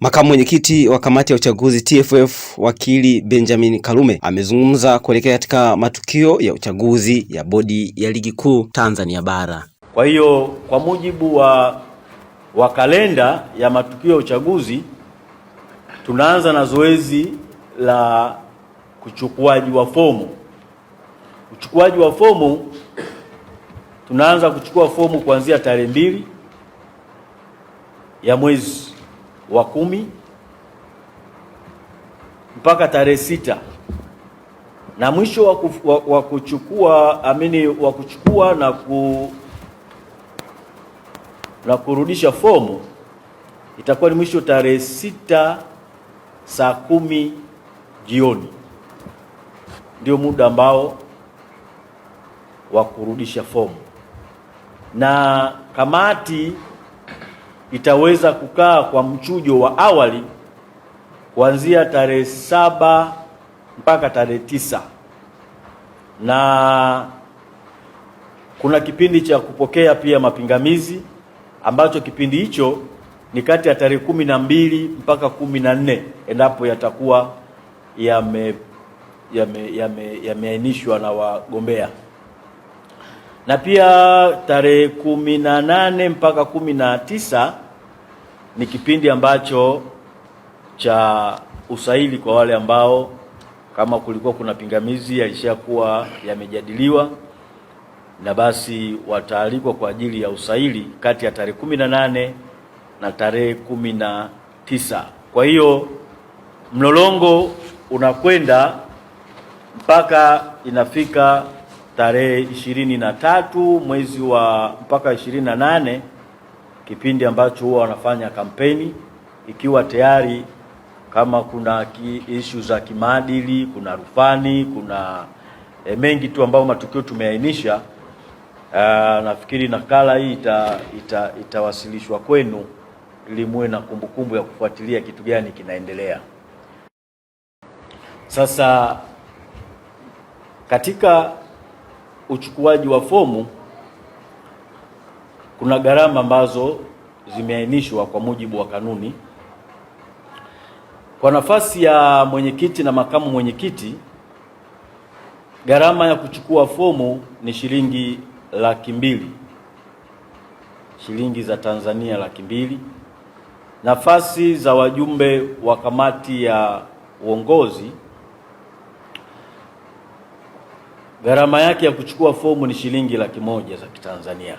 Makamu mwenyekiti wa kamati ya uchaguzi TFF wakili Benjamin Kalume amezungumza kuelekea katika matukio ya uchaguzi ya bodi ya ligi kuu Tanzania bara. Kwa hiyo kwa mujibu wa, wa kalenda ya matukio ya uchaguzi tunaanza na zoezi la uchukuaji wa fomu. Uchukuaji wa fomu tunaanza kuchukua fomu kuanzia tarehe mbili ya mwezi wa kumi mpaka tarehe sita na mwisho wa, kufu, wa, wa kuchukua amini wa kuchukua na, ku, na kurudisha fomu itakuwa ni mwisho tarehe sita saa kumi jioni, ndio muda ambao wa kurudisha fomu na kamati itaweza kukaa kwa mchujo wa awali kuanzia tarehe saba mpaka tarehe tisa na kuna kipindi cha kupokea pia mapingamizi ambacho kipindi hicho ni kati ya tarehe kumi na mbili mpaka kumi na nne endapo yatakuwa yameainishwa yame, yame, yame na wagombea na pia tarehe kumi na nane mpaka kumi na tisa ni kipindi ambacho cha usaili kwa wale ambao kama kulikuwa kuna pingamizi yalishakuwa yamejadiliwa na basi wataalikwa kwa ajili ya usaili kati ya tarehe kumi na nane na tarehe kumi na tisa. Kwa hiyo mlolongo unakwenda mpaka inafika tarehe ishirini na tatu mwezi wa mpaka ishirini na nane kipindi ambacho huwa wanafanya kampeni, ikiwa tayari kama kuna ishu za kimaadili, kuna rufani, kuna e, mengi tu ambayo matukio tumeainisha. Eh, nafikiri nakala hii ita, ita, itawasilishwa kwenu ili muwe na kumbukumbu ya kufuatilia kitu gani kinaendelea. Sasa katika uchukuaji wa fomu kuna gharama ambazo zimeainishwa kwa mujibu wa kanuni. Kwa nafasi ya mwenyekiti na makamu mwenyekiti, gharama ya kuchukua fomu ni shilingi laki mbili, shilingi za Tanzania laki mbili. Nafasi za wajumbe wa kamati ya uongozi Gharama yake ya kuchukua fomu ni shilingi laki moja za Kitanzania,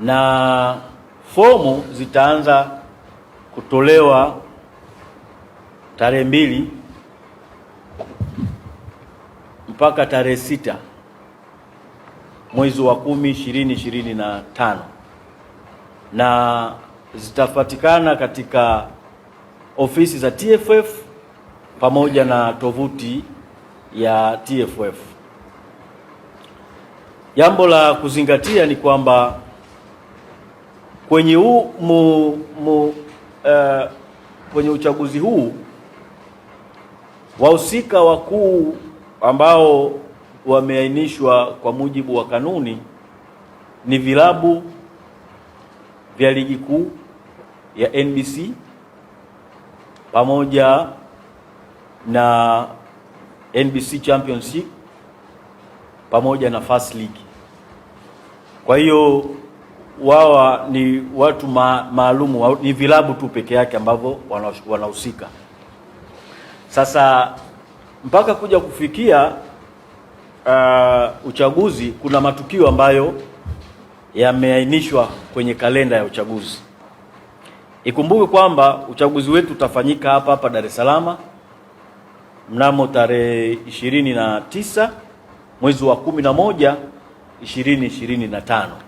na fomu zitaanza kutolewa tarehe mbili mpaka tarehe sita mwezi wa kumi ishirini ishirini na tano na zitapatikana katika ofisi za TFF pamoja na tovuti ya TFF. Jambo la kuzingatia ni kwamba kwenye huu mu, mu, uh, kwenye uchaguzi huu wahusika wakuu ambao wameainishwa kwa mujibu wa kanuni ni vilabu vya ligi kuu ya NBC pamoja na NBC Championship pamoja na First League. Kwa hiyo wawa ni watu ma, maalumu ni vilabu tu peke yake ambavyo wanahusika. Sasa mpaka kuja kufikia uh, uchaguzi, kuna matukio ambayo yameainishwa kwenye kalenda ya uchaguzi. Ikumbuke kwamba uchaguzi wetu utafanyika hapa hapa Dar es Salaam mnamo tarehe 29 mwezi wa moja ishirini ishirini na tano.